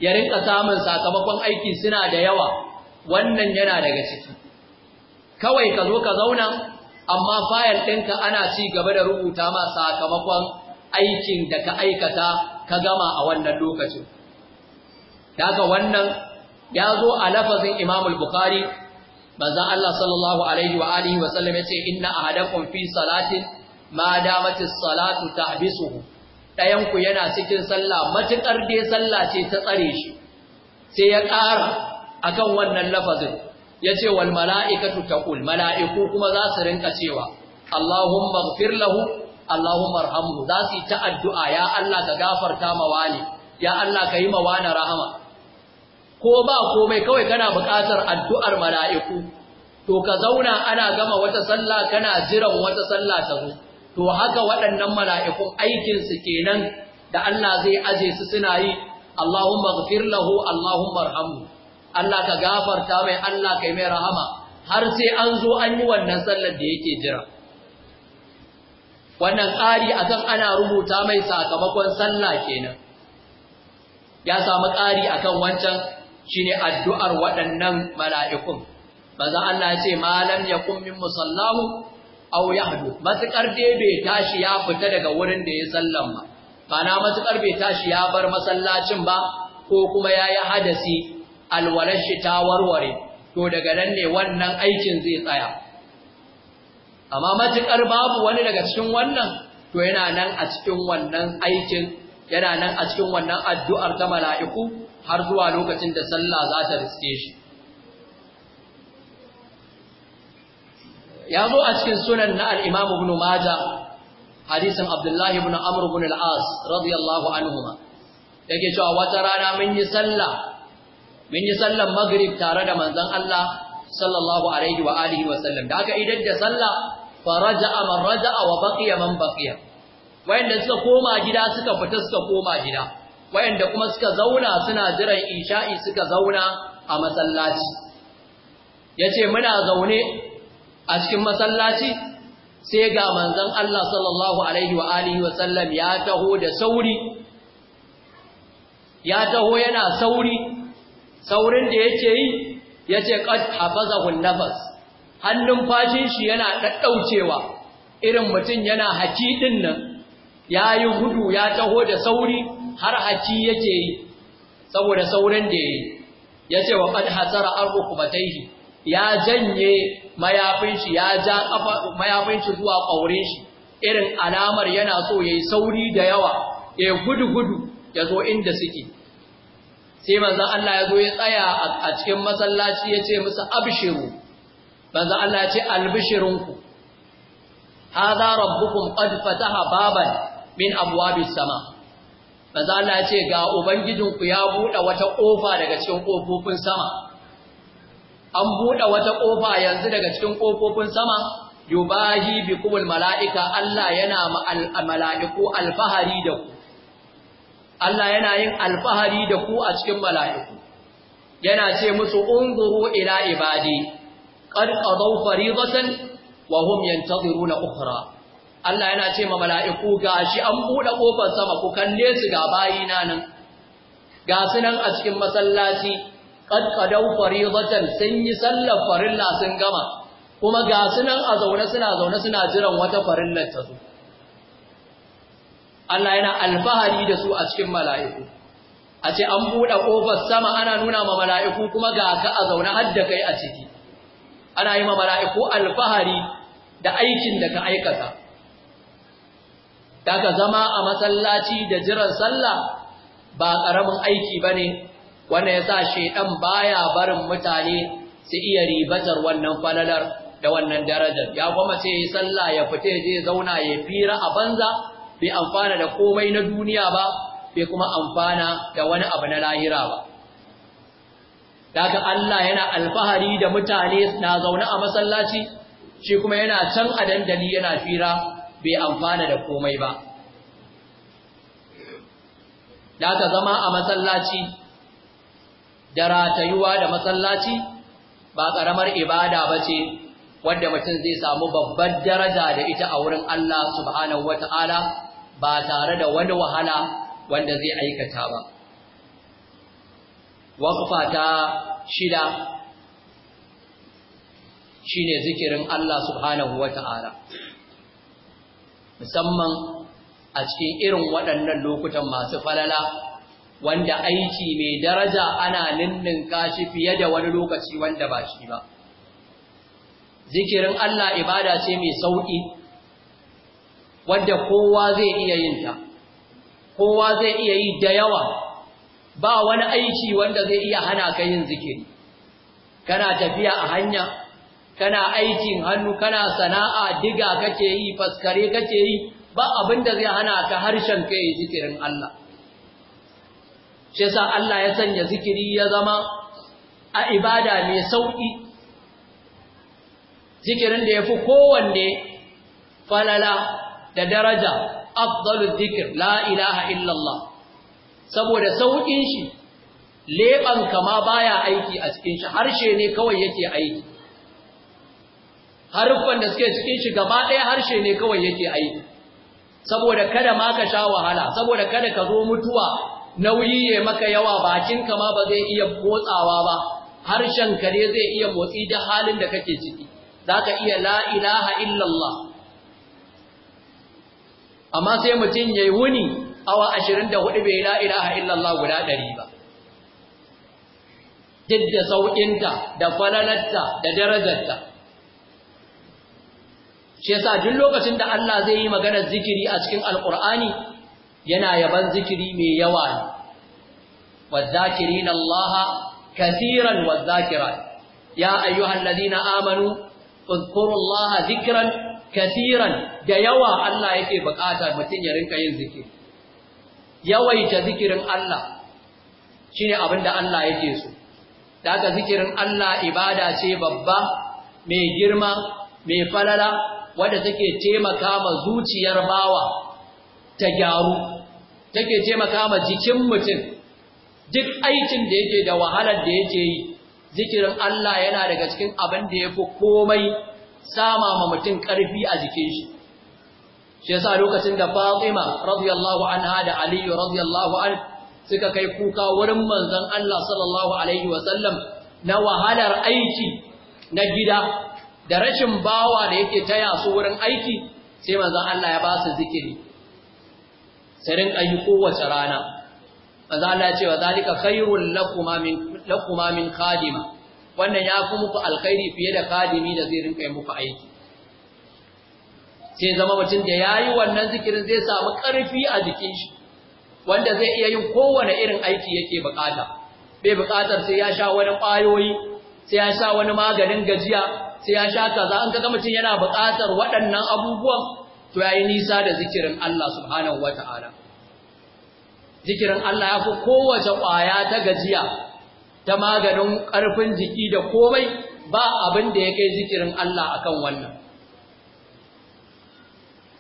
ya rinka samun sakamakon aiki suna da yawa wannan yana daga ciki kawai ka zo ka zauna amma fayil ɗinka ana ci gaba da rubuta ma sakamakon aikin da ka aikata ka gama a wannan lokacin daga wannan ya zo a lafazin Imam al-Bukhari za Allah sallallahu alaihi wa alihi wa sallam yace inna ahadakum fi salatin ma damatis salatu tahbisuhu ɗayanku yana cikin sallah matuƙar dai sallah ce ta tsare shi sai ya ƙara akan wannan lafazin ya ce wal mala'ikatu taqul mala'iku kuma za su rinka cewa Allahumma ighfir lahu Allahumma arhamhu za su yi ta addu'a ya Allah ka gafarta mawani ya Allah ka yi mawani rahama ko ba komai kawai kana buƙatar addu'ar mala'iku to ka zauna ana gama wata sallah kana jiran wata sallah ta zo to haka waɗannan mala'ikun aikinsu kenan da Allah zai aje su suna yi Allahumma ghafir lahu Allahumma marhamu, Allah ka gafarta mai Allah kai mai rahama har sai an zo an yi wannan sallar da yake jira wannan ƙari akan ana rubuta mai sakamakon sallah kenan ya samu ƙari akan wancan shine addu'ar waɗannan mala'ikun manzo Allah ya ce malam kun min musallahu au ya yahdu matukar dai bai tashi ya fita daga wurin da ya sallan ba bana matukar bai tashi ya bar masallacin ba ko kuma yayi hadasi alwarashi ta warware to daga nan ne wannan aikin zai tsaya amma matukar babu wani daga cikin wannan to yana nan a cikin wannan aikin yana nan a cikin wannan addu'ar ta mala'iku har zuwa lokacin da sallah za ta riske shi ya zo a cikin sunan na alimam Ibn maja hadisin abdullahi ibn Amr ibn al-As radiyallahu anhuma ke cewa wata rana mun yi sallah mun yi sallan maghrib tare da manzan Allah sallallahu alaihi wa alihi wa sallam da aka idan da sallah a man a wa baqiya man baqiya wayanda suka koma gida suka fita suka koma gida wayanda kuma suka zauna suna jiran isha'i suka zauna a masallaci ce muna zaune a cikin masallaci sai ga manzon Allah sallallahu alaihi wa alihi wa sallam ya taho da sauri ya taho yana sauri saurin da yake yi yace qad hafazahu nafas hannun fashin shi yana daddaucewa irin mutum yana haki din nan yayi gudu ya taho da sauri har haki yake yi saboda saurin da yayi yace wa qad hasara arqu ya janye mayafin shi ya ja kafa mayafin shi zuwa kaurin shi irin alamar yana so yayi sauri da yawa ya gudu gudu ya zo inda suke sai manzon Allah ya zo ya tsaya a cikin masallaci ya ce musu abshiru manzon Allah ya ce albishirunku hadha rabbukum qad fataha baban min abwabis sama manzon Allah ya ce ga ubangijinku ya buɗe wata ƙofa daga cikin kofofin sama an buɗe wata ƙofa yanzu daga cikin ƙofofin sama yubahi bi kubul mala'ika Allah yana mala'iku alfahari da ku Allah yana yin alfahari da ku a cikin mala'iku yana ce musu unguru ila ibadi qad qadaw fariidatan wa hum yantaziruna ukhra Allah yana ce ma mala'iku gashi an buɗe ƙofar sama ku kalle su ga bayina nan ga su nan a cikin masallaci ƙadƙadau faridatan sun yi sallar farilla sun gama kuma ga sunan a zaune suna zaune suna jiran wata farillar ta zo Allah yana alfahari da su a cikin mala'iku a ce an buɗe ƙofar sama ana nuna ma mala'iku kuma ga ka a zaune har da kai a ciki ana yi ma mala'iku alfahari da aikin da ka aikata daga zama a masallaci da jiran sallah ba ƙaramin aiki ba ne wanda ya sa shaidan baya barin mutane su iya ribatar wannan falalar da wannan darajar ya kuma ce yi sallah ya fita ya je zauna ya fira a banza bai amfana da komai na duniya ba bai kuma amfana da wani abu na lahira ba daga Allah yana alfahari da mutane na zaune a masallaci shi kuma yana can a dandali yana fira bai amfana da komai ba daga zama a masallaci da ratayuwa da masallaci ba ƙaramar ibada ba ce wadda mutum zai samu babbar daraja da ita a wurin Allah subhanahu wata'ala ba tare da wani wahala wanda zai aikata ba. Waƙfa ta shida shine zikirin Allah subhanahu wata'ala. Musamman a cikin irin waɗannan lokutan masu falala wanda aiki mai daraja ana ninnin kashi fiye da wani lokaci wanda ba shi ba zikirin Allah ibada ce mai sauƙi wanda kowa zai iya yin ta kowa zai iya yi da yawa ba wani aiki wanda zai iya hana ka yin zikiri kana tafiya a hanya kana aikin hannu kana sana'a diga kake yi faskare kake yi ba abin da zai hana ka harshen ka yi zikirin Allah shi yasa Allah ya sanya zikiri ya zama a ibada mai sauƙi zikirin da ya fi kowanne falala da daraja afdalu zikir la ilaha illallah saboda sauƙin shi leɓan kama baya aiki a cikin shi harshe ne kawai yake aiki haruffan da suke cikin shi gaba ɗaya harshe ne kawai yake aiki saboda kada ma ka sha wahala saboda kada ka zo mutuwa nauyi ya maka yawa bakinka ma ba zai iya motsawa ba harshen kare ne zai iya motsi da halin da kake ciki zaka iya la ilaha illallah amma sai mutum yayi wuni awa 24 bai la ilaha illallah guda ɗari ba duk da sauƙinta da falalarta da darajarta shi yasa duk lokacin da Allah zai yi maganar zikiri a cikin alkur'ani yana yaban zikiri mai yawa ne wadzakirin Allah kasiran wadzakira ya ayyuhal ladina amanu uzkuru Allah zikran kasiran da yawa Allah yake bukata mutum ya rinka yin zikiri yawaita zikirin Allah shine abinda Allah yake so daga zikirin Allah ibada ce babba mai girma mai falala wadda take taimaka ma zuciyar bawa ta gyaru take taimaka ma jikin mutum duk aikin da yake da wahalar da yake yi zikirin Allah yana daga cikin abin da yafi komai sama ma mutum ƙarfi a jikin shi shi yasa lokacin da Fatima radiyallahu anha da Ali radiyallahu an suka kai kuka wurin manzon Allah sallallahu alaihi sallam na wahalar aiki na gida da rashin bawa da yake taya su wurin aiki sai manzon Allah ya ba su zikiri sarin ayi kowace rana maza Allah ya ce wa zalika khairul lakuma min lakuma min khadima wannan ya fi muku alkhairi fiye da khadimi da zai rinka muku aiki sai zama mutum da yayi wannan zikirin zai samu karfi a jikin shi wanda zai iya yin kowane irin aiki yake bukata bai bukatar sai ya sha wani ƙwayoyi, sai ya sha wani maganin gajiya sai ya sha kaza an ga mutum yana bukatar waɗannan abubuwan to yi nisa da zikirin Allah subhanahu wata'ala zikirin Allah ya fi kowace ƙwaya ta gajiya ta maganin ƙarfin jiki da komai ba abin da ya kai zikirin Allah akan wannan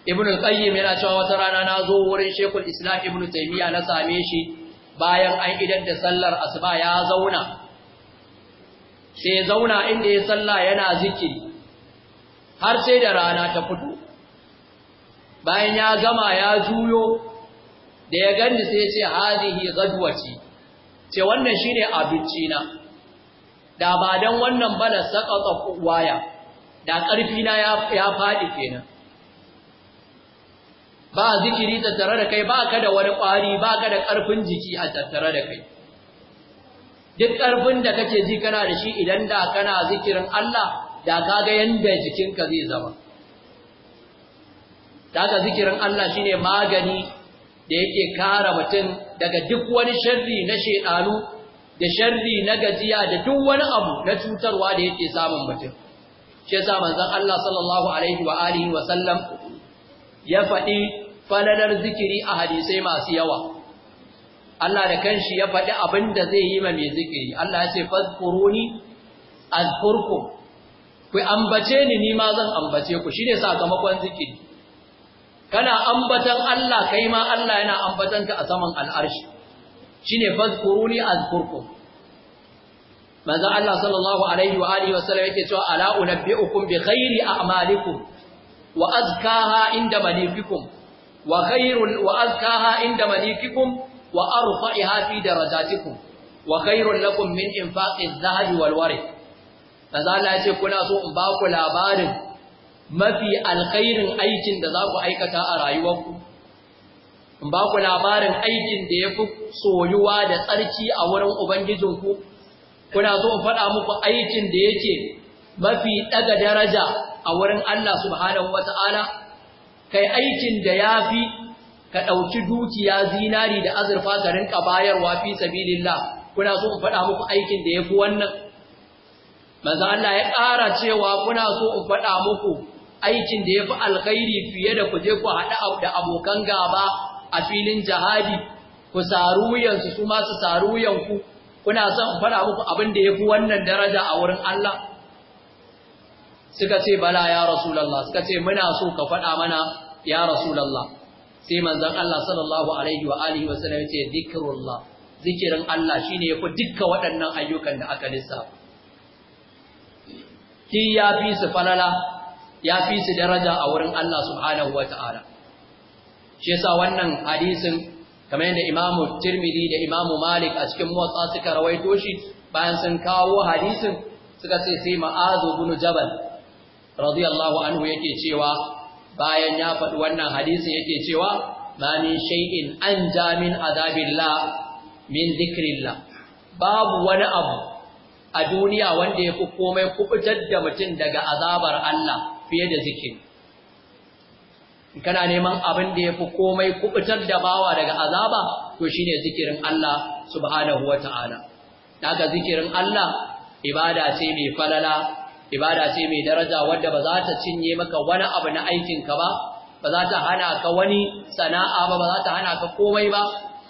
Ibn al-Qayyim yana cewa wata rana na zo wurin shekul Islam Ibn Taymiyyah na same shi bayan an idan da sallar asuba ya zauna sai zauna inda ya salla yana zikiri har sai da rana ta fito bayan ya gama ya juyo da ya gani sai ce hadihi gadwati ce wannan shine abinci na da ba dan wannan bala sakata waya da karfi na ya ya fadi kenan ba zikiri tare da kai ba ka da wani ƙwari ba ka da ƙarfin jiki a tattare da kai duk ƙarfin da kake ji kana da shi idan da kana zikirin Allah da ka ga yanda jikinka zai zama daga zikirin Allah shine magani da yake kare mutum daga duk wani sharri na shedanu da sharri na gajiya da duk wani abu na cutarwa da yake samun mutum shi yasa manzon Allah sallallahu alaihi wa alihi wa sallam ya faɗi falalar zikiri a hadisai masu yawa Allah da kanshi ya faɗi abin da zai yi ma mai zikiri Allah ya ce fadkuruni azkurku ku ambace ni ni ma zan ambace ku shine sakamakon zikiri kana ambatan Allah kai ma Allah yana ambatan ka a saman al'arshi shine fazkuruni azkurkum manzo Allah sallallahu alaihi wa alihi wasallam yake cewa ala unabbiukum bi khairi a'malikum wa azkaha inda malikikum wa khairul wa azkaha inda malikikum wa arfa'iha fi darajatikum wa khairul lakum min infaqi adh-dhahabi wal warith manzo Allah yace kuna so in ba ku labarin mafi alkhairin aikin da za ku aikata a rayuwarku in ba ku labarin aikin da ya fi soyuwa da tsarki a wurin ubangijinku kuna so in faɗa muku aikin da yake mafi ɗaga daraja a wurin Allah subhanahu wata'ala kai aikin da ya fi ka ɗauki dukiya zinari da azurfa ka rinka bayarwa fi sabilillah kuna so in faɗa muku aikin da ya fi wannan Maza Allah ya ƙara cewa kuna so in faɗa muku aikin da ya fi alkhairi fiye da ku je ku haɗa da abokan gaba a filin jihadi ku saru wuyansu su ma su saru wuyanku kuna son fara muku abin da ya fi wannan daraja a wurin Allah suka ce bala ya rasulallah suka ce muna so ka faɗa mana ya rasulallah sai manzon Allah sallallahu alaihi wa alihi wa sallam ce zikrullah zikirin Allah shine yafi dukkan waɗannan ayyukan da aka lissafa ki ya fi su falala ya fi su daraja a wurin Allah subhanahu ta'ala shi yasa wannan hadisin kamar yadda Imam Tirmidhi da Imam Malik a cikin Muwatta suka rawaito shi bayan sun kawo hadisin suka ce sai Ma'azu bin Jabal radiyallahu anhu yake cewa bayan ya faɗi wannan hadisin yake cewa ma min shay'in an jamin azabillah min zikrillah babu wani abu a duniya wanda ya fi komai kubutar da mutum daga azabar Allah fiye da zikiri kana neman abin da ya fi komai kubutar da bawa daga azaba to shi ne zikirin Allah subhanahu wa ta'ala daga zikirin Allah ibada ce mai falala ibada ce mai daraja wadda ba za ta cinye maka wani abu na aikinka ba ba za ta hana ka wani sana'a ba ba za ta hana ka komai ba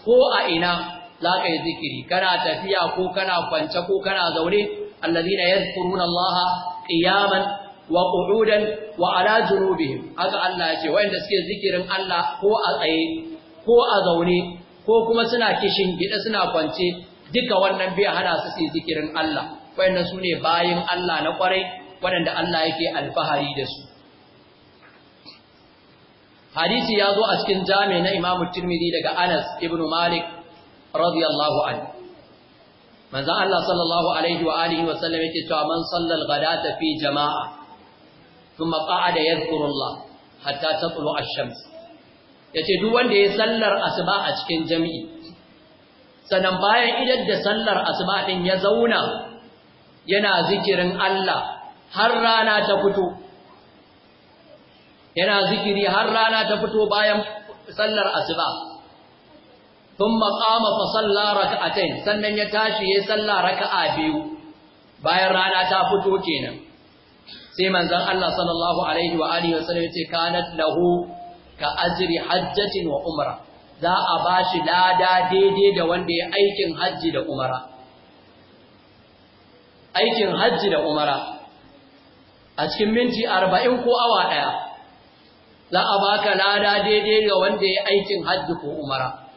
ko a ina za ka yi zikiri kana tafiya ko kana kwance ko kana zaune allazina yadhkuruna allaha qiyaman wa qu'udan wa ala junubihim haka Allah ya ce wa'inda suke zikirin Allah ko a tsaye ko a zaune ko kuma suna kishin gida suna kwance duka wannan bai hana su su zikirin Allah su sune bayin Allah na kwarai waɗanda Allah yake alfahari da su hadisi ya zo a cikin jami na Imam Tirmidhi daga Anas ibn Malik radiyallahu anhu manzo Allah sallallahu alaihi wa alihi wa sallam yake cewa man sallal ghadata fi jama'a ثم قعد يذكر hatta حتى تطلع الشمس yace duk wanda ya sallar asuba a cikin jami'i sannan bayan idan da sallar asuba din ya zauna yana zikirin Allah har rana ta fito yana zikiri har rana ta fito bayan sallar asuba thumma qama fa salla rak'atayn sannan ya tashi ya salla raka'a biyu bayan rana ta fito kenan sai manzon Allah sallallahu alaihi wa alihi wasallam yace kanat lahu ka ajri hajjatin wa umara, za a bashi lada daidai da wanda ya aikin haji da umara aikin haji da umara a cikin minti 40 ko awa daya za a baka lada daidai ga wanda ya aikin haji ko umara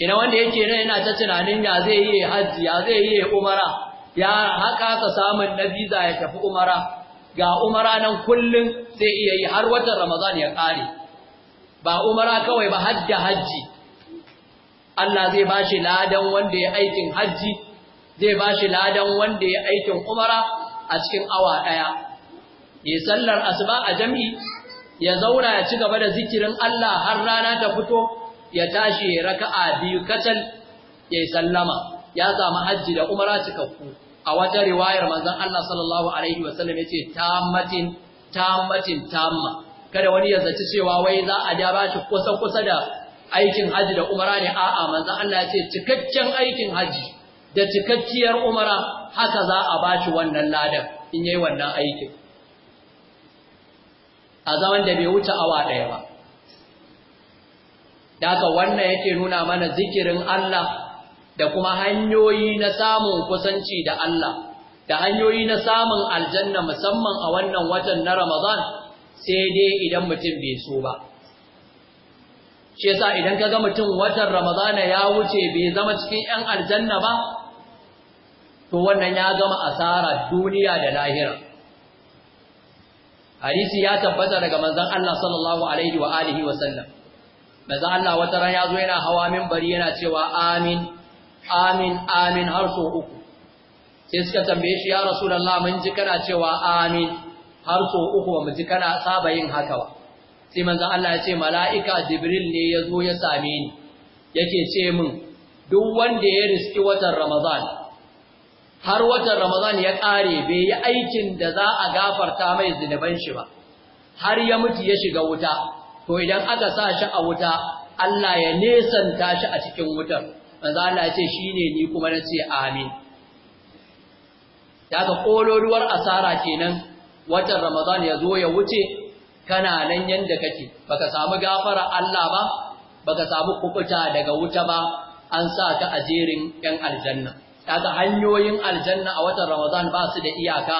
kina wanda yake nan yana ta tunanin ya zai yi haji ya zai yi umara ya haka samun na visa ya tafi umara ga umara nan kullum zai iya yi har watan ramadan ya kare ba umara kawai ba hajji hajji Allah zai bashi ladan wanda ya aikin hajji zai bashi ladan wanda ya aikin umara a cikin awa daya ya sallar asuba a jam'i ya zauna ya ci gaba da zikirin Allah har rana ta fito ya tashi raka'a biyu kacal ya sallama ya samu hajji da umara cikakku a wata riwayar manzan Allah sallallahu alaihi wasallam yace tammatin tammatin tamma kada wani ya zaci cewa wai za a ja ba shi kusa kusa da aikin haji da umara ne a'a manzan Allah yace cikakken aikin haji da cikakkiyar umara haka za a ba shi wannan ladan in yayi wannan aikin a zaman da bai wuce awa ɗaya ba. Daka wannan yake nuna mana zikirin Allah da kuma hanyoyi na samun kusanci da Allah da hanyoyi na samun aljanna musamman a wannan watan na Ramadan sai dai idan mutum bai so ba shi yasa idan kaga mutum watan Ramadan ya wuce bai zama cikin 'yan aljanna ba to wannan ya gama asara duniya da lahira hadisi ya tabbata daga manzon Allah sallallahu alaihi wa alihi wa sallam manzon Allah wata ran ya zo yana hawa minbari yana cewa amin amin amin har so uku sai suka tambaye shi ya rasulullah mun ji kana cewa amin har so uku ba mu ji kana saba yin haka ba sai manzon Allah ya ce mala'ika jibril ne ya zo ya same ni yake ce min duk wanda ya riski watan ramadan har watan ramadan ya ƙare bai yi aikin da za a gafarta mai zinuban shi ba har ya mutu ya shiga wuta to idan aka sa shi a wuta Allah ya nesanta shi a cikin wutar manzo Allah ya ce shine ni kuma na ce amin daga kololuwar asara kenan watan Ramadan ya zo ya wuce kana nan yanda kake baka samu gafara Allah ba baka samu kukuta daga wuta ba an sa ka a jerin yan aljanna daga hanyoyin aljanna a watan Ramadan ba su da iyaka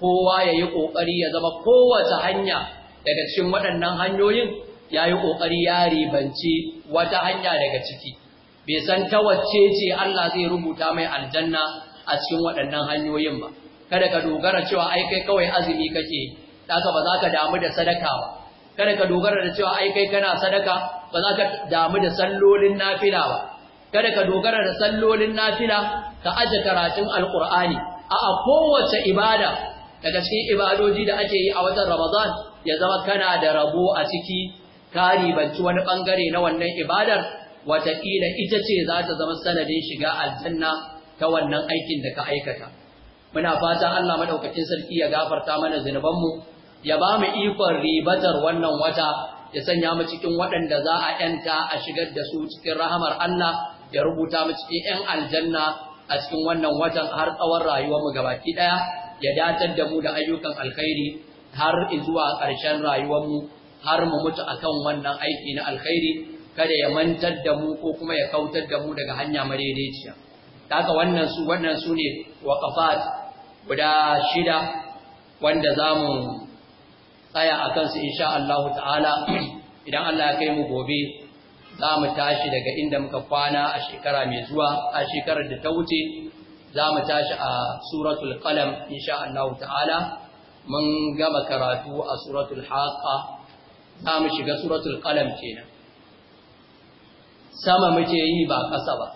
kowa ya yi kokari ya zama kowace hanya daga cikin waɗannan hanyoyin ya yi kokari ya ribanci wata hanya daga ciki bai san ta wacce ce Allah zai rubuta mai aljanna a cikin waɗannan hanyoyin ba kada ka dogara cewa ai kai kawai azumi kake haka ba za ka damu da sadaka ba kada ka dogara da cewa ai kai kana sadaka ba za ka damu da sallolin nafila ba kada ka dogara da sallolin nafila ka aje karatun alqur'ani a'a kowace ibada daga cikin ibadoji da ake yi a watan ramadan ya zama kana da rabo a ciki ka ribanci wani bangare na wannan ibadar wataƙila ita ce za ta zama sanadin shiga aljanna ta wannan aikin da ka aikata muna fata Allah madaukakin sarki ya gafarta mana zunubanmu ya ba mu ikon ribatar wannan wata ya sanya mu cikin waɗanda za a ‘yanta a shigar da su cikin rahamar Allah ya rubuta mu cikin ‘yan aljanna a cikin wannan watan har tsawon rayuwarmu gabaki ɗaya ya datar da mu da ayyukan alkhairi har zuwa ƙarshen rayuwar mu, har mu mutu akan wannan aiki na alkhairi kada ya mantar da mu ko kuma ya kautar da mu daga hanya madaidaiciya ta haka wannan su wannan su ne waqafat guda shida wanda za mu tsaya a kansu insha Allah ta'ala idan Allah ya kai mu gobe za mu tashi daga inda muka kwana a shekara mai zuwa a shekarar da ta wuce za mu tashi a suratul qalam insha Allah ta'ala mun gama karatu a suratul haqa za mu shiga suratul qalam kenan sama muke yi ba ƙasa ba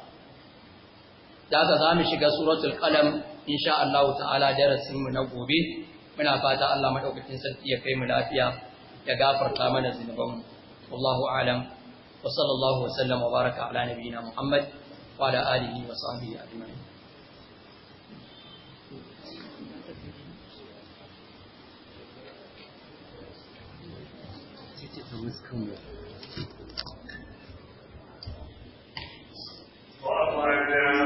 da haka za shiga suratul qalam insha Allah ta'ala darasin mu na gobe muna fata Allah madaukakin sarki ya kai mu lafiya ya gafarta mana zunubanmu wallahu alam wa sallallahu wa sallam wa baraka ala nabiyyina Muhammad wa ala alihi wa sahbihi ajma'in Thank you. Spotlight